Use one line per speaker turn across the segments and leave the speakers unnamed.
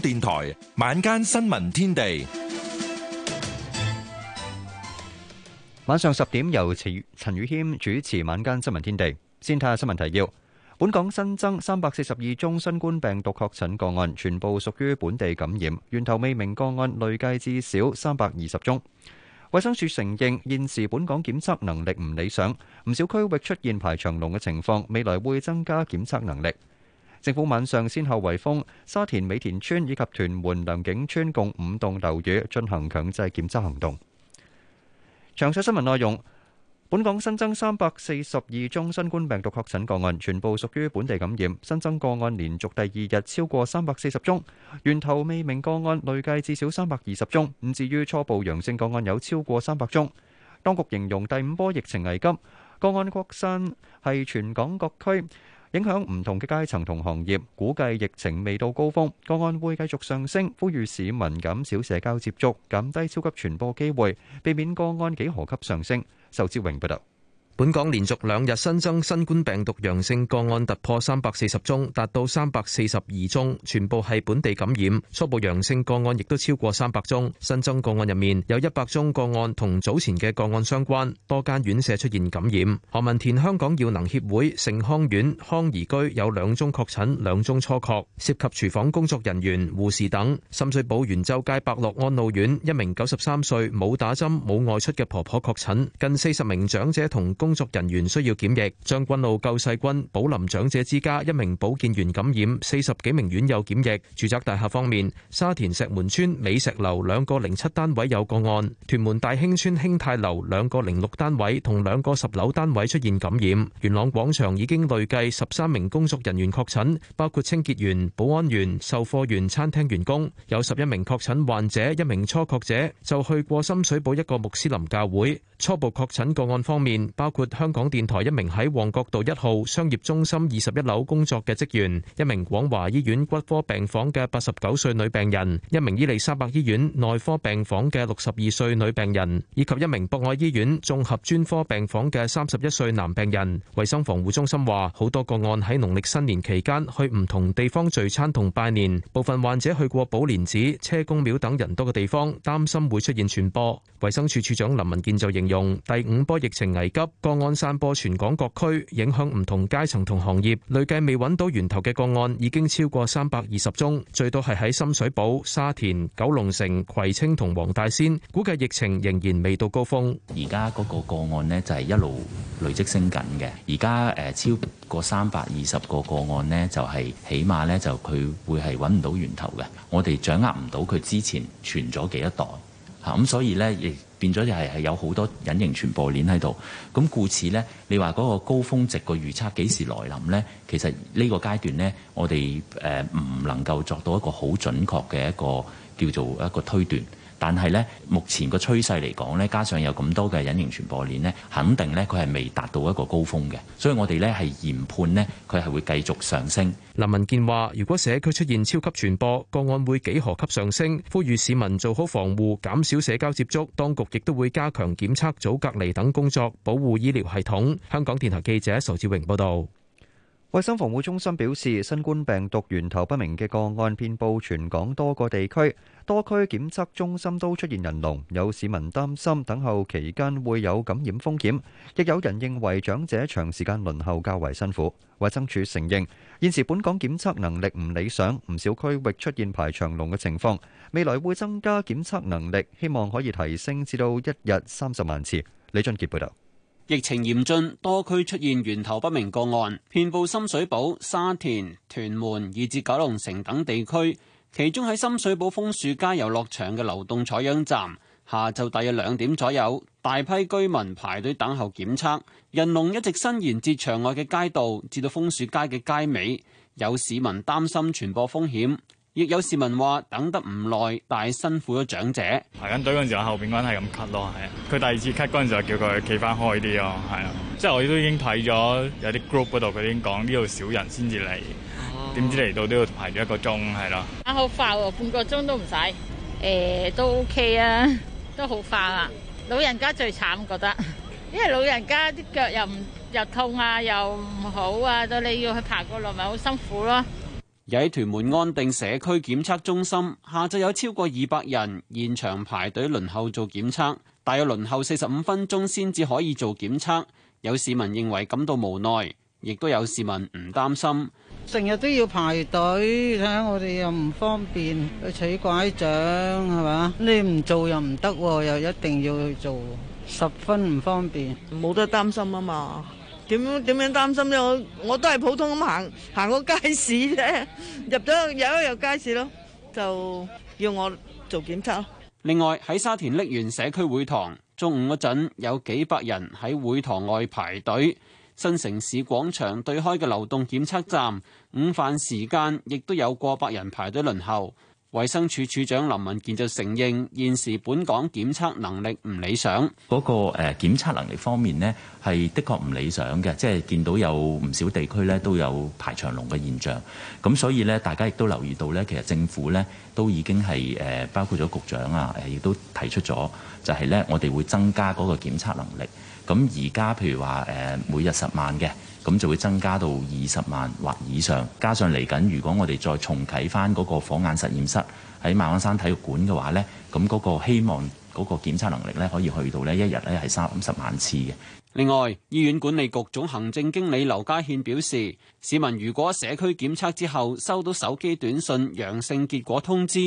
電台晚
間新聞天地，晚上十點由陳宇謙主持晚間新聞天地。先睇下新聞提要：本港新增三百四十二宗新冠病毒確診個案，全部屬於本地感染，源頭未明個案累計至少三百二十宗。衛生署承認現時本港檢測能力唔理想，唔少區域出現排長龍嘅情況，未來會增加檢測能力。政府晚上先後圍封沙田美田村以及屯門良景邨共五棟樓宇，進行強制檢測行動。詳細新聞內容：本港新增三百四十二宗新冠病毒確診個案，全部屬於本地感染。新增個案連續第二日超過三百四十宗，源頭未明個案累計至少三百二十宗。唔至於初步陽性個案有超過三百宗。當局形容第五波疫情危急，個案擴散係全港各區。影響唔同嘅階層同行業，估計疫情未到高峰，個案會繼續上升，呼籲市民減少社交接觸，減低超級傳播機會，避免個案幾何級上升。仇志榮報道。本港連續兩日新增新冠病毒陽性個案突破
三百四十宗，達到三百四十二宗，全部係本地感染。初步陽性個案亦都超過三百宗。新增個案入面有一百宗個案同早前嘅個案相關，多間院舍出現感染。何文田香港耀能協會盛康苑康怡居有兩宗確診，兩宗初確，涉及廚房工作人員、護士等。深水埗元州街白樂安老院一名九十三歲冇打針冇外出嘅婆婆確診，近四十名長者同工工作人員需要檢疫，將軍澳救世軍寶林長者之家一名保健員感染，四十幾名院友檢疫。住宅大廈方面，沙田石門村美石樓兩個零七單位有個案，屯門大興村興泰樓兩個零六單位同兩個十樓單位出現感染。元朗廣場已經累計十三名工作人員確診，包括清潔員、保安員、售貨員、餐廳員工，有十一名確診患者，一名初確者就去過深水埗一個穆斯林教會。初步確診個案方面，包括香港電台一名喺旺角道一號商業中心二十一樓工作嘅職員，一名廣華醫院骨科病房嘅八十九歲女病人，一名伊利沙伯醫院內科病房嘅六十二歲女病人，以及一名博愛醫院綜合專科病房嘅三十一歲男病人。衛生防護中心話，好多個案喺農曆新年期間去唔同地方聚餐同拜年，部分患者去過寶蓮寺、車公廟等人多嘅地方，擔心會出現傳播。衛生署署長林文健就形容第五波疫情危急。個案散播全港各區，影響唔同階層同行業。累計未揾到源頭嘅個案已經超過三百二十宗，最多係喺深水埗、沙田、
九龍城、葵青同黃大仙，估計疫情仍然未到高峰。而家嗰個個案呢就係一路累積升緊嘅。而家誒超過三百二十個個案呢，就係起碼呢，就佢、是、會係揾唔到源頭嘅。我哋掌握唔到佢之前傳咗幾多代吓，咁、嗯、所以呢。亦。變咗就係係有好多隱形傳播鏈喺度，咁故此呢，你話嗰個高峰值個預測幾時來臨呢？其實呢個階段呢，我哋誒唔能夠作到一個好準確嘅一個叫做一個推斷。但係咧，目前個趨勢嚟講咧，加上有咁多嘅隱形傳播鏈咧，肯定咧佢係未達到一個高峰嘅，所以我哋咧係研判咧，佢係會繼續上升。林文健話，如果社區出現超級傳播，個案會幾何級上升，
呼籲市民做好防護，減少社交接觸，當局亦都會加強檢測、早隔離等
工作，保護醫療系統。香港電台記者仇志榮報道。衛生防護中心表示，新冠病毒源頭不明嘅個案遍佈全港多個地區，多區檢測中心都出現人龍，有市民擔心等候期間會有感染風險，亦有人認為長者長時間輪候較為辛苦。衛生署承認現時本港檢測能力唔理想，唔少區域出現排長龍嘅情況，未來會增加檢測能力，希望可以提升至到一日三十萬次。李俊杰
報道。疫情嚴峻，多區出現源頭不明個案，遍布深水埗、沙田、屯門以至九龍城等地區。其中喺深水埗楓樹街遊樂場嘅流動採樣站，下晝大約兩點左右，大批居民排隊等候檢測，人龍一直伸延至場外嘅街道，至到楓樹街嘅街尾，有市民擔心傳播風險。亦有市民話等得唔耐，
但係辛苦咗長者排緊隊嗰陣時候，後邊嗰人係咁咳咯，係佢第二次咳嗰陣時候叫佢企翻開啲咯，係即係我都已經睇咗有啲 group 嗰度佢已經講呢度少人先
至嚟，點知嚟到呢度排咗一個鐘，係咯，
好快喎，半個鐘都唔使，誒都 ok 啊，都好快啦，老人家最慘覺得，因為老人家啲腳又唔又痛啊，又唔好啊，到你要去爬過來咪好辛苦咯。
又喺屯門安定社區檢測中心，下晝有超過二百人現場排隊輪候做檢測，大約輪候四十五分鐘先至可以做檢測。有市民認為感到無奈，亦都有市民唔擔心。
成日都要排隊，睇下我哋又唔方便去取拐杖，係嘛？你唔做又唔得喎，又一定要去做，十分唔方便，冇得擔心啊嘛。點樣點擔心咧？我我都係普通咁行
行個街市啫，入咗入一入街市咯，就要我做檢測。
另外喺沙田瀝源社區會堂，中午嗰陣有幾百人喺會堂外排隊；新城市廣場對開嘅流動檢測站，午飯時間亦都有過百人排隊輪候。衛生署署長林文健就承認，現時本港檢測能力唔理想。
嗰個誒檢測能力方面呢，係的確唔理想嘅，即係見到有唔少地區呢都有排長龍嘅現象。咁所以呢，大家亦都留意到呢，其實政府呢都已經係誒包括咗局長啊，亦都提出咗，就係呢我哋會增加嗰個檢測能力。咁而家譬如話誒每日十萬嘅。咁就會增加到二十萬或以上，加上嚟緊，如果我哋再重啟翻嗰個火眼實驗室喺馬鞍山體育館嘅話呢，咁嗰個希望嗰個檢測能力呢，可以去到呢一日呢係三十萬
次嘅。另外，醫院管理局總行政經理劉家獻表示，市民如果社區檢測之後收到手機短信陽性結果通知，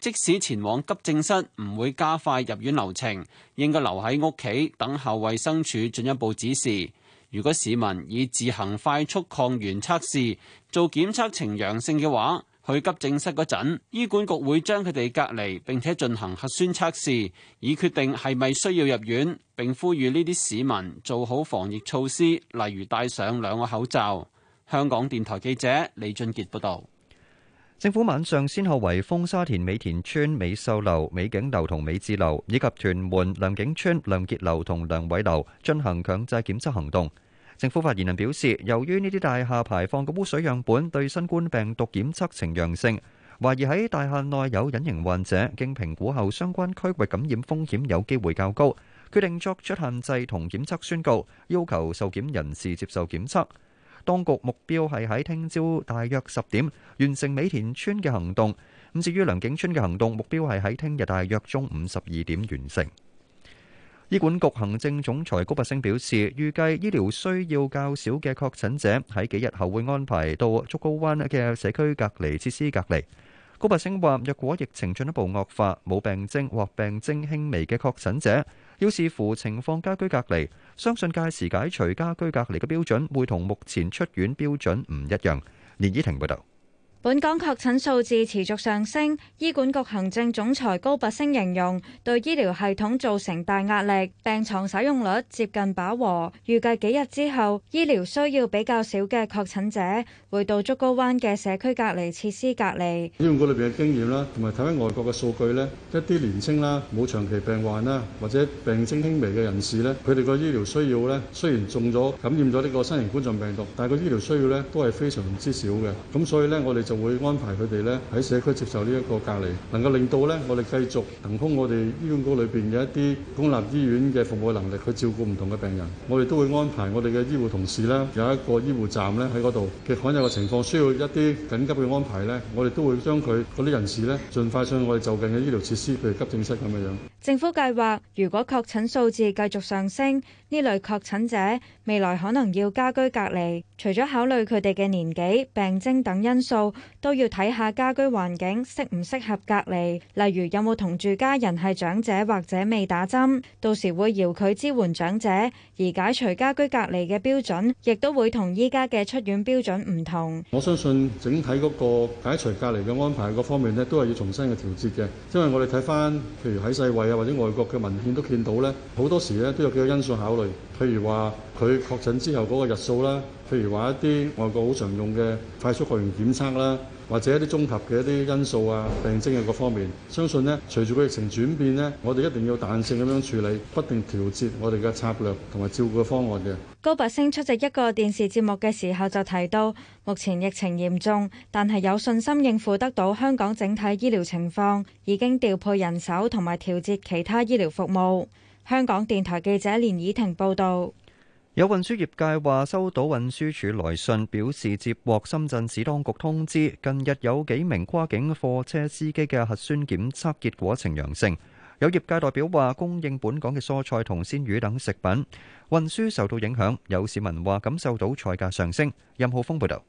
即使前往急症室，唔會加快入院流程，應該留喺屋企等候衞生署進一步指示。如果市民已自行快速抗原測試，做檢測呈陽性嘅話，去急症室嗰陣，醫管局會將佢哋隔離，並且進行核酸測試，以決定係咪需要入院。並呼籲呢啲市民做好防疫措施，例如戴上兩個口罩。香港電台記者李俊杰報道。
政府晚上先後為豐沙田美田邨美秀樓、美景樓同美智樓，以及屯門良景邨良傑樓同良偉樓進行強制檢測行動。政府發言人表示，由於呢啲大廈排放嘅污水樣本對新冠病毒檢測呈陽性，懷疑喺大廈內有隱形患者，經評估後相關區域感染風險有機會較高，決定作出限制同檢測宣告，要求受檢人士接受檢測。當局目標係喺聽朝大約十點完成美田村嘅行動，咁至於良景村嘅行動目標係喺聽日大約中午十二點完成。醫管局行政總裁高拔陞表示，預計醫療需要較少嘅確診者喺幾日後會安排到竹篙灣嘅社區隔離設施隔離。高拔陞話：若果疫情進一步惡化，冇病徵或病徵輕微嘅確診者，要視乎情況家居隔離，相信屆時解除家居隔離嘅標準會同目前出院標準唔一樣。連依婷報道。
本港確診數字持續上升，醫管局行政總裁高拔陞形容對醫療系統造成大壓力，病床使用率接近飽和。預計幾日之後，醫療需要比較少嘅確診者會到竹篙灣嘅社區隔離設施隔離。
醫管局裏邊嘅經驗啦，同埋睇翻外國嘅數據呢，一啲年輕啦、冇長期病患啦，或者病症輕微嘅人士呢，佢哋個醫療需要呢，雖然中咗感染咗呢個新型冠狀病毒，但係個醫療需要呢，都係非常之少嘅。咁所以呢，我哋，就會安排佢哋咧喺社區接受呢一個隔離，能夠令到咧我哋繼續騰空我哋醫院局裏邊嘅一啲公立醫院嘅服務能力去照顧唔同嘅病人。我哋都會安排我哋嘅醫護同事咧有一個醫護站咧喺嗰度，嘅罕有嘅情況，需要一啲緊急嘅安排咧，我哋都會將佢嗰啲人士咧盡快上我哋就近嘅醫
療設施，譬如急症室咁嘅樣。政府計劃，如果確診數字繼續上升，呢類確診者未來可能要家居隔離。除咗考慮佢哋嘅年紀、病徵等因素，都要睇下家居環境適唔適合隔離。例如有冇同住家人係長者或者未打針，到時會遙距支援長者。而解除家居隔離嘅標準，亦都會同依家嘅出院標準唔同。
我相信整體嗰個解除隔離嘅安排各方面咧，都係要重新嘅調節嘅，因為我哋睇翻譬如喺世衛。或者外國嘅文獻都見到咧，好多時咧都有幾個因素考慮，譬如話佢確診之後嗰個日數啦，譬如話一啲外國好常用嘅快速抗原檢測啦。或者一啲綜合嘅一啲因素啊、病徵嘅各方面，相信呢，隨住個疫情轉變呢，我哋一定要彈性咁樣處理，不斷調節我哋嘅策略同埋照顧嘅方案嘅。
高拔陞出席一個電視節目嘅時候就提到，目前疫情嚴重，但係有信心應付得到香港整體醫療情況，已經調配人手同埋調節其他醫療服務。香港電台記者連以婷報道。
有運輸業界話收到運輸署來信，表示接獲深圳市當局通知，近日有幾名跨境貨車司機嘅核酸檢測結果呈陽性。有業界代表話，供應本港嘅蔬菜同鮮魚等食品運輸受到影響，有市民話感受到菜價上升。任浩峰報導。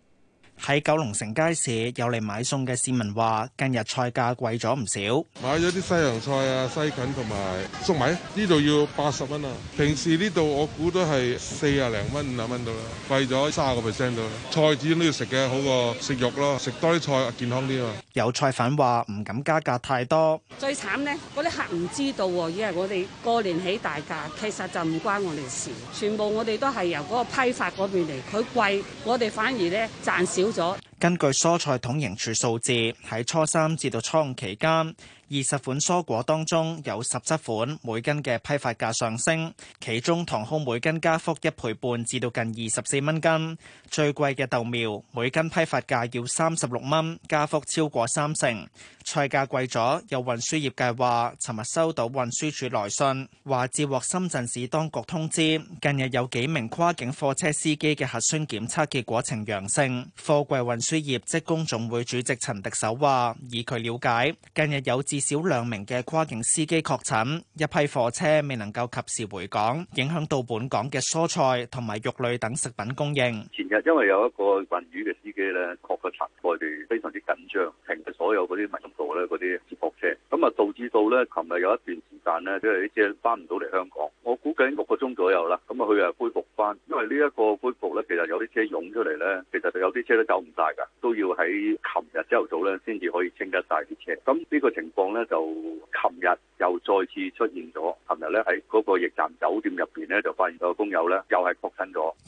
喺九龍城街市有嚟買餸嘅市民話，近日菜價貴咗唔少，
買咗啲西洋菜啊、西芹同埋粟米，呢度要八十蚊啊！平時呢度我估都係四啊零蚊、五啊蚊到啦，貴咗卅個 percent 到啦。菜始終都要食嘅，好過食肉咯，食多啲菜健康啲啊！
有菜販話唔敢加價太多，
最慘呢，嗰啲客唔知道喎，以為我哋過年起大價，其實就唔關我哋事，全部我哋都係由嗰個批發嗰邊嚟，佢貴，我哋反而咧賺少。少咗。
根據蔬菜統營處數字，喺初三至到初五期間，二十款蔬果當中有十七款每斤嘅批發價上升，其中塘蒿每斤加幅一倍半至到近二十四蚊斤，最貴嘅豆苗每斤批發價要三十六蚊，加幅超過三成。菜價貴咗，有運輸業界話，尋日收到運輸署來信，話接獲深圳市當局通知，近日有幾名跨境貨車司機嘅核酸檢測結果呈陽性，貨櫃運輸職業職工總會主席陳迪首話，以佢了解，近日有至少兩名嘅跨境司機確診，一批貨車未能夠及時回港，影響到本港嘅蔬菜同埋肉類等食品供應。
前日因為有一個運魚嘅司機咧確診，確確我哋非常之緊張，停咗所有嗰啲物。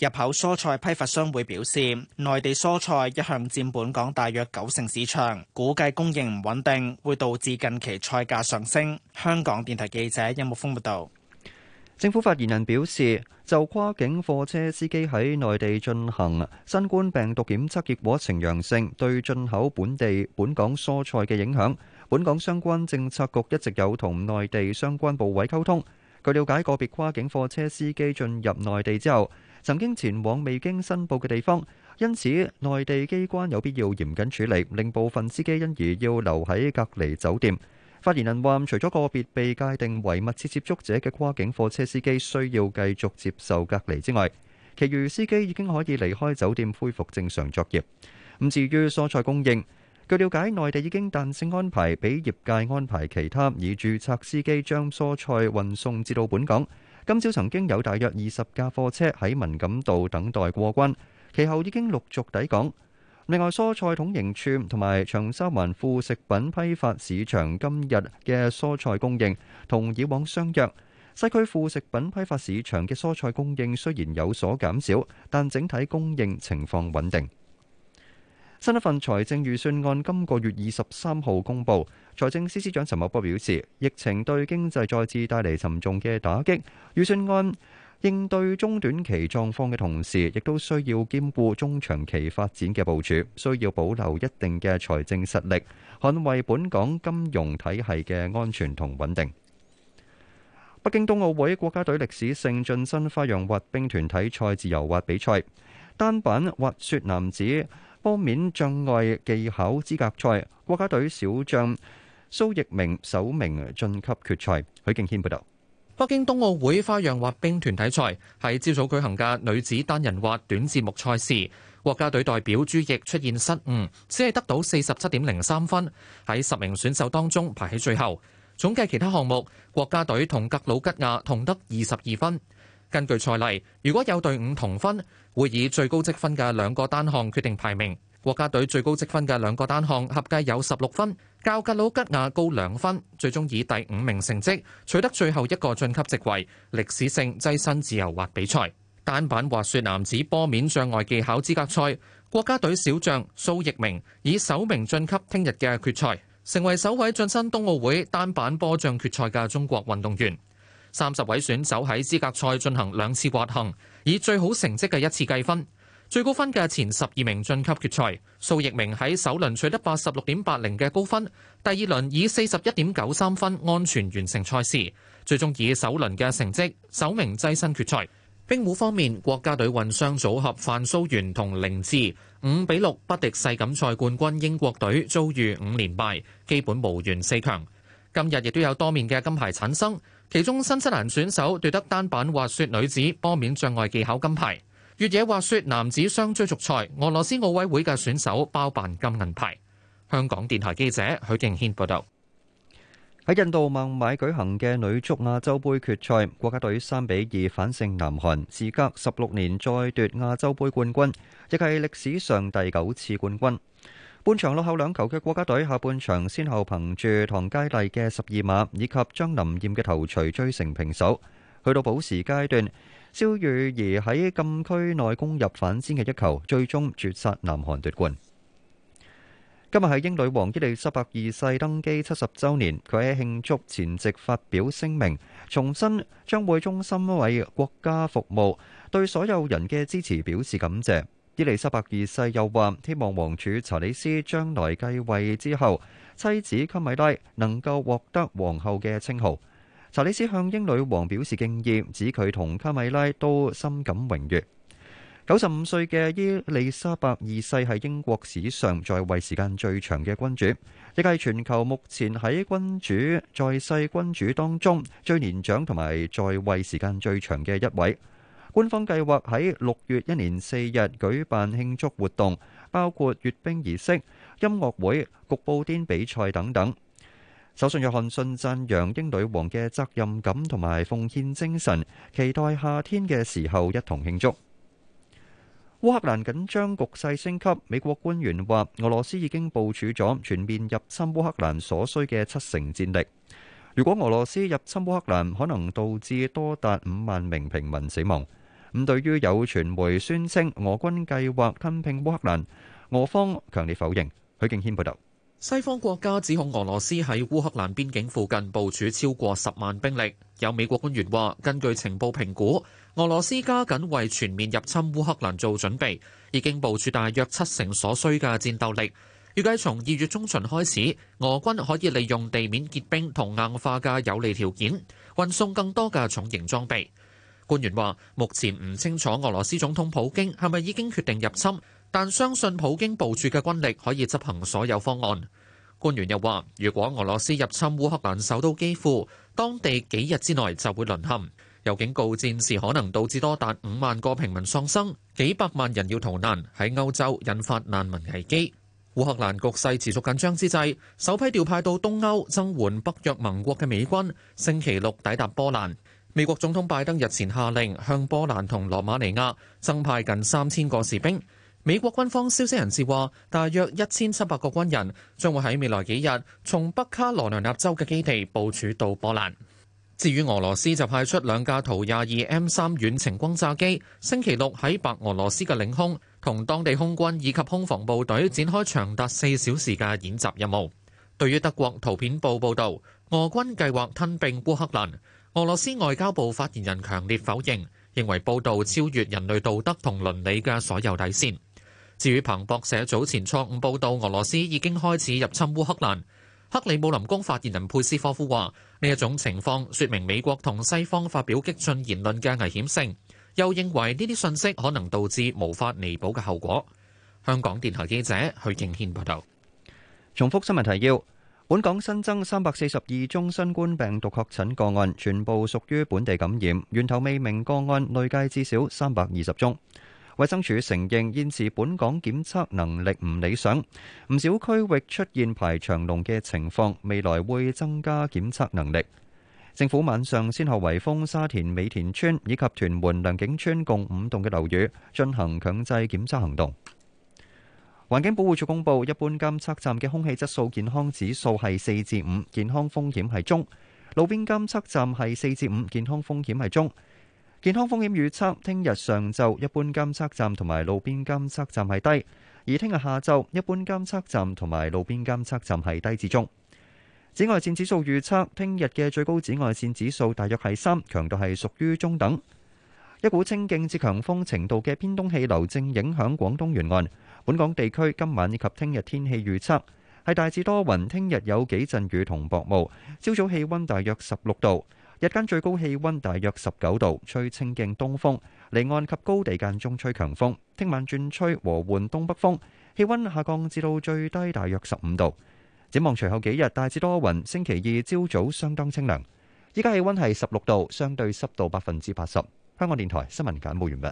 入口蔬菜批發商會表示，內地蔬菜一向占本港大約九成市場，估計供應唔穩定，會導致近期菜價上升。香港電台記者殷木峰報道。
政府發言人表示，就跨境貨車司機喺內地進行新冠病毒檢測結果呈陽性，對進口本地本港蔬菜嘅影響，本港相關政策局一直有同內地相關部委溝通。據了解，個別跨境貨車司機進入內地之後，曾經前往未經申報嘅地方，因此內地機關有必要嚴謹處理，令部分司機因而要留喺隔離酒店。發言人話：除咗個別被界定為密切接觸者嘅跨境貨車司機需要繼續接受隔離之外，其餘司機已經可以離開酒店，恢復正常作業。咁至於蔬菜供應，據了解，內地已經彈性安排，俾業界安排其他已註冊司機將蔬菜運送至到本港。今朝曾經有大約二十架貨車喺文錦渡等待過關，其後已經陸續抵港。另外，蔬菜統營處同埋長沙灣副食品批發市場今日嘅蔬菜供應同以往相若。西區副食品批發市場嘅蔬菜供應雖然有所減少，但整體供應情況穩定。新一份財政預算案今個月二十三號公布。財政司司長陳茂波表示，疫情對經濟再次帶嚟沉重嘅打擊。預算案應對中短期狀況嘅同時，亦都需要兼顧中長期發展嘅部署，需要保留一定嘅財政實力，捍衛本港金融體系嘅安全同穩定。北京冬奧會國家隊歷史性晉身花樣滑冰團體賽自由滑比賽，單板滑雪男子坡面障礙技巧資格賽，國家隊小將蘇翊鳴首名晉級決賽。許敬軒報道：北京冬奧會花樣滑冰團體賽
喺朝早舉行嘅女子單人滑短節目賽事，國家隊代表朱易出現失誤，只係得到四十七點零三分，喺十名選手當中排喺最後。總計其他項目，國家隊同格魯吉亞同得二十二分。根據賽例，如果有隊伍同分，會以最高積分嘅兩個單項決定排名。國家隊最高積分嘅兩個單項合計有十六分，較格魯吉亞高兩分，最終以第五名成績取得最後一個晉級席位，歷史性躋身自由滑比賽。單板滑雪男子坡面障礙技巧資格賽，國家隊小將蘇翊鳴以首名晉級聽日嘅決賽，成為首位晉身冬奧會單板坡障決賽嘅中國運動員。三十位選手喺資格賽進行兩次滑行，以最好成績嘅一次計分，最高分嘅前十二名晉級決賽。蘇奕明喺首輪取得八十六點八零嘅高分，第二輪以四十一點九三分安全完成賽事，最終以首輪嘅成績首名躋身決賽。冰壺方面，國家隊混雙組合范蘇元同凌智五比六不敵世錦賽冠軍英國隊，遭遇五連敗，基本無緣四強。今日亦都有多面嘅金牌產生。其中，新西蘭選手奪得單板滑雪女子坡面障礙技巧金牌；越野滑雪男子雙追逐賽，俄羅斯奧委會嘅選手包辦金銀牌。香港電台記者許敬軒報道。
喺印度孟買舉行嘅女足亞洲杯決賽，國家隊三比二反勝南韓，時隔十六年再奪亞洲杯冠軍，亦係歷史上第九次冠軍。半場落後兩球嘅國家隊，下半場先後憑住唐佳麗嘅十二碼以及張琳艷嘅頭槌追成平手。去到補時階段，肖裕儀喺禁區內攻入反先嘅一球，最終絕殺南韓奪冠。今日係英女王伊莉莎白二世登基七十周年，佢喺慶祝前夕發表聲明，重申將會忠心為國家服務，對所有人嘅支持表示感謝。伊利沙伯二世又話：希望王儲查理斯將來繼位之後，妻子卡米拉能夠獲得皇后嘅稱號。查理斯向英女王表示敬意，指佢同卡米拉都深感榮譽。九十五歲嘅伊利沙伯二世係英國史上在位時間最長嘅君主，亦係全球目前喺君主在世君主當中最年長同埋在位時間最長嘅一位。官方計劃喺六月一年四日舉辦慶祝活動，包括閱兵儀式、音樂會、焗布甸比賽等等。首相約翰遜讚揚英女王嘅責任感同埋奉獻精神，期待夏天嘅時候一同慶祝。烏克蘭緊張局勢升級，美國官員話，俄羅斯已經部署咗全面入侵烏克蘭所需嘅七成戰力。如果俄羅斯入侵烏克蘭，可能導致多達五萬名平民死亡。咁對於有傳媒宣稱俄軍計劃吞併烏克蘭，俄方強烈否認。許敬軒報導，西方國家指控俄羅斯喺烏克蘭邊境附
近部署超過十萬兵力。有美國官員話，根據情報評估，俄羅斯加緊為全面入侵烏克蘭做準備，已經部署大約七成所需嘅戰鬥力。預計從二月中旬開始，俄軍可以利用地面結冰同硬化嘅有利條件，運送更多嘅重型裝備。官員話：目前唔清楚俄羅斯總統普京係咪已經決定入侵，但相信普京部署嘅軍力可以執行所有方案。官員又話：如果俄羅斯入侵烏克蘭首都基輔，當地幾日之內就會淪陷。又警告戰事可能導致多達五萬個平民喪生，幾百萬人要逃難，喺歐洲引發難民危機。烏克蘭局勢持續緊張之際，首批調派到東歐增援北約盟國嘅美軍，星期六抵達波蘭。美國總統拜登日前下令向波蘭同羅馬尼亞增派近三千個士兵。美國軍方消息人士話，大約一千七百個軍人將會喺未來幾日從北卡羅來納州嘅基地部署到波蘭。至於俄羅斯就派出兩架圖廿二 M 三遠程轟炸機，星期六喺白俄羅斯嘅領空同當地空軍以及空防部隊展開長達四小時嘅演習任務。對於德國圖片報報道俄軍計劃吞併烏克蘭。俄羅斯外交部發言人強烈否認，認為報道超越人類道德同倫理嘅所有底線。至於彭博社早前錯誤報道俄羅斯已經開始入侵烏克蘭，克里姆林宮發言人佩斯科夫話：呢一種情況說明美國同西方發表激進言論嘅危險性，又認為呢啲信息可能導致無法彌補嘅後果。香港電台記者
許敬軒報道。重複新聞提要。本港新增三百四十二宗新冠病毒確診個案，全部屬於本地感染，源頭未明個案累計至少三百二十宗。衛生署承認現時本港檢測能力唔理想，唔少區域出現排長龍嘅情況，未來會增加檢測能力。政府晚上先後圍封沙田美田村以及屯門良景村共五棟嘅樓宇，進行強制檢測行動。環境保護署公布，一般監測站嘅空氣質素健康指數係四至五，健康風險係中；路邊監測站係四至五，健康風險係中。健康風險預測，聽日上晝一般監測站同埋路邊監測站係低，而聽日下晝一般監測站同埋路邊監測站係低至中。紫外線指數預測，聽日嘅最高紫外線指數大約係三，強度係屬於中等。一股清勁至強風程度嘅偏東氣流正影響廣東沿岸。本港地區今晚及聽日天氣預測係大致多雲，聽日有幾陣雨同薄霧。朝早氣溫大約十六度，日間最高氣溫大約十九度，吹清勁東風，離岸及高地間中吹強風。聽晚轉吹和緩東北風，氣溫下降至到最低大約十五度。展望隨後幾日大致多雲，星期二朝早相當清涼。依家氣溫係十六度，相對濕度百分之八十。香港電台新聞
簡報完畢。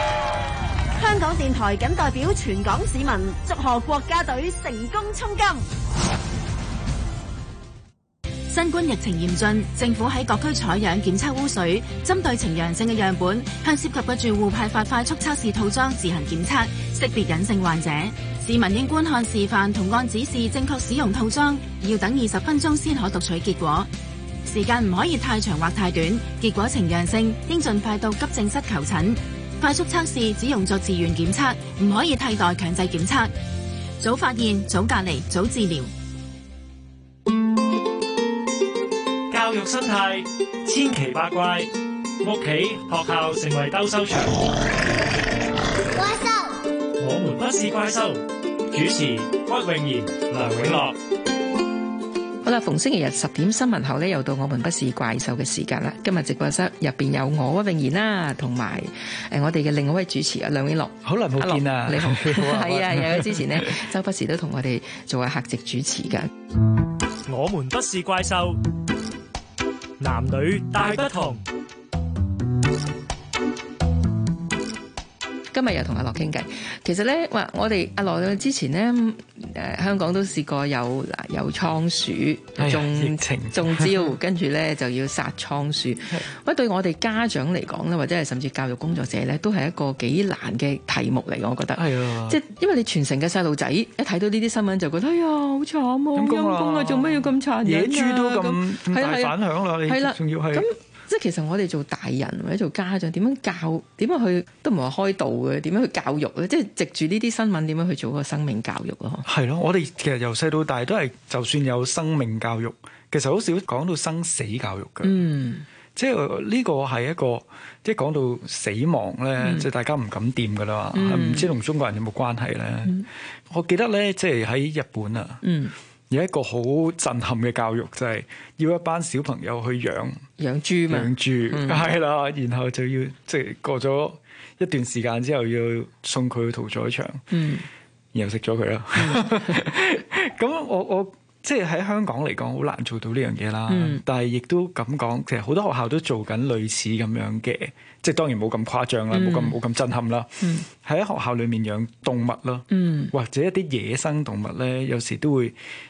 香港電台僅代表全港市民，祝賀國家隊成功衝金。新冠疫情嚴峻，政府喺各區採樣檢測污水，針對呈陽性嘅樣本，向涉及嘅住戶派發快速測試套裝自行檢測，識別隱性患者。市民應觀看示範同按指示正確使用套裝，要等二十分鐘先可讀取結果。時間唔可以太長或太短，結果呈陽性應盡快到急症室求診。快速測試只用作自願檢測，唔可以替代強制檢測。早發現，早隔離，早治療。
教育生態千奇百怪，屋企、學校成為鬥獸場。怪獸塑，我們不是怪獸。主
持：屈穎妍、梁永樂。
逢星期日十點新聞後咧，又到我們不是怪獸嘅時間啦。今日直播室入邊有我啊，永賢啦，同埋誒，我哋嘅另外一位主持啊，梁永樂，好耐冇見啦，你係啊，又有之前呢，周不時都同我哋做下客席主持噶。
我們不是怪獸，男女大不同。
今日又同阿樂傾偈，其實咧，話我哋阿樂之前呢。誒，香港都試過有有倉鼠中中招，跟住咧就要殺倉鼠。喂，對我哋家長嚟講咧，或者係甚至教育工作者咧，都係一個幾難嘅題目嚟，我覺得。係啊，即係因為你全城嘅細路仔一睇到呢啲新聞就覺得哎呀好慘啊，陰公啊，做咩要咁殘忍啊？野豬都咁大反響啦，係啦，仲要係。即係其實我哋做大人或者做家長，點樣教點樣去都唔係話開導嘅，點樣去教育咧？即係藉住呢啲新聞，點樣去做個生命教育
咯？係咯，我哋其實由細到大都係就算有生命教育，其實好少講到生死教育㗎。嗯，即係呢、這個係一個即係講到死亡咧，即係、嗯、大家唔敢掂㗎啦嘛，唔、嗯、知同中國人有冇關係咧？嗯、我記得咧，即係喺日本啊。嗯有一個好震撼嘅教育，就係、是、要一班小朋友去養
養豬養豬係啦，
然後就要即係、就是、過咗一段時間之後，要送佢去屠宰場，嗯、然後食咗佢啦。咁 我 我。我即係喺香港嚟講，好難做到呢樣嘢啦。嗯、但係亦都咁講，其實好多學校都做緊類似咁樣嘅，即係當然冇咁誇張啦，冇咁冇咁震撼啦。喺、嗯、學校裏面養動物咯，嗯、或者一啲野生動物咧，有時都會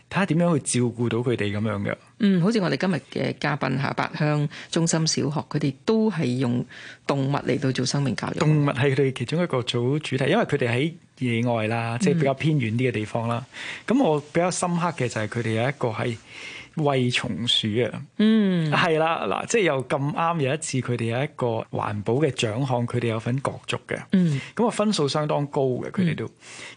睇下點樣去照顧到佢哋咁樣嘅。
嗯，好似我哋今日嘅嘉賓下八鄉中心小學，佢哋都係用動物嚟到做生
命教育。動物係佢哋其中一個組主題，因為佢哋喺。野外啦，即係比較偏遠啲嘅地方啦。咁、嗯、我比較深刻嘅就係佢哋有一個係餵松鼠啊。嗯，係啦，嗱，即係又咁啱有一次佢哋有一個環保嘅獎項，佢哋有份角逐嘅。嗯，咁啊分數相當高嘅，佢哋都。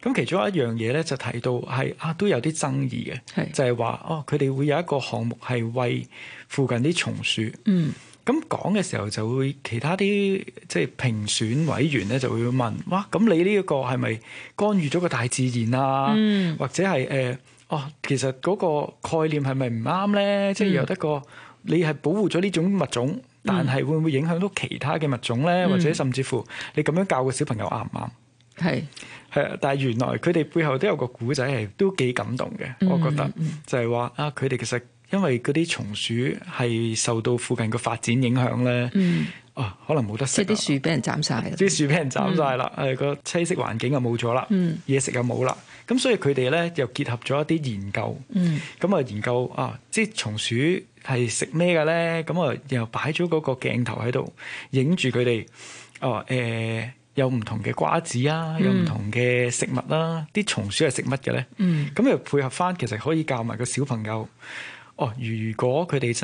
咁其中一樣嘢咧就提到係啊都有啲爭議嘅，是就係話哦佢哋會有一個項目係餵附近啲松鼠。嗯。咁講嘅時候就會其他啲即係評選委員咧就會問：哇！咁你呢一個係咪干預咗個大自然啊？嗯、或者係誒、呃、哦，其實嗰個概念係咪唔啱咧？即係有得個你係保護咗呢種物種，但係會唔會影響到其他嘅物種咧？嗯、或者甚至乎你咁樣教個小朋友啱唔啱？係係啊！但係原來佢哋背後都有個故仔係都幾感動嘅，我覺得就係話啊，佢哋、嗯嗯、其實。因為嗰啲松鼠係受到附近嘅發展影響咧，嗯、啊，可能冇得食。即係啲樹俾人斬晒，啲、嗯、樹俾人斬晒啦，誒個、嗯、棲息環境又冇咗啦，嘢、嗯、食又冇啦，咁所以佢哋咧又結合咗一啲研究，咁啊、嗯、研究啊，即係松鼠係食咩嘅咧？咁啊又擺咗嗰個鏡頭喺度影住佢哋，哦誒、啊呃、有唔同嘅瓜子啊，有唔同嘅食物啦，啲、嗯嗯嗯嗯、松鼠係食乜嘅咧？咁、嗯、又、嗯嗯嗯嗯、配合翻，其實可以教埋個小朋友。哦，如果佢哋真，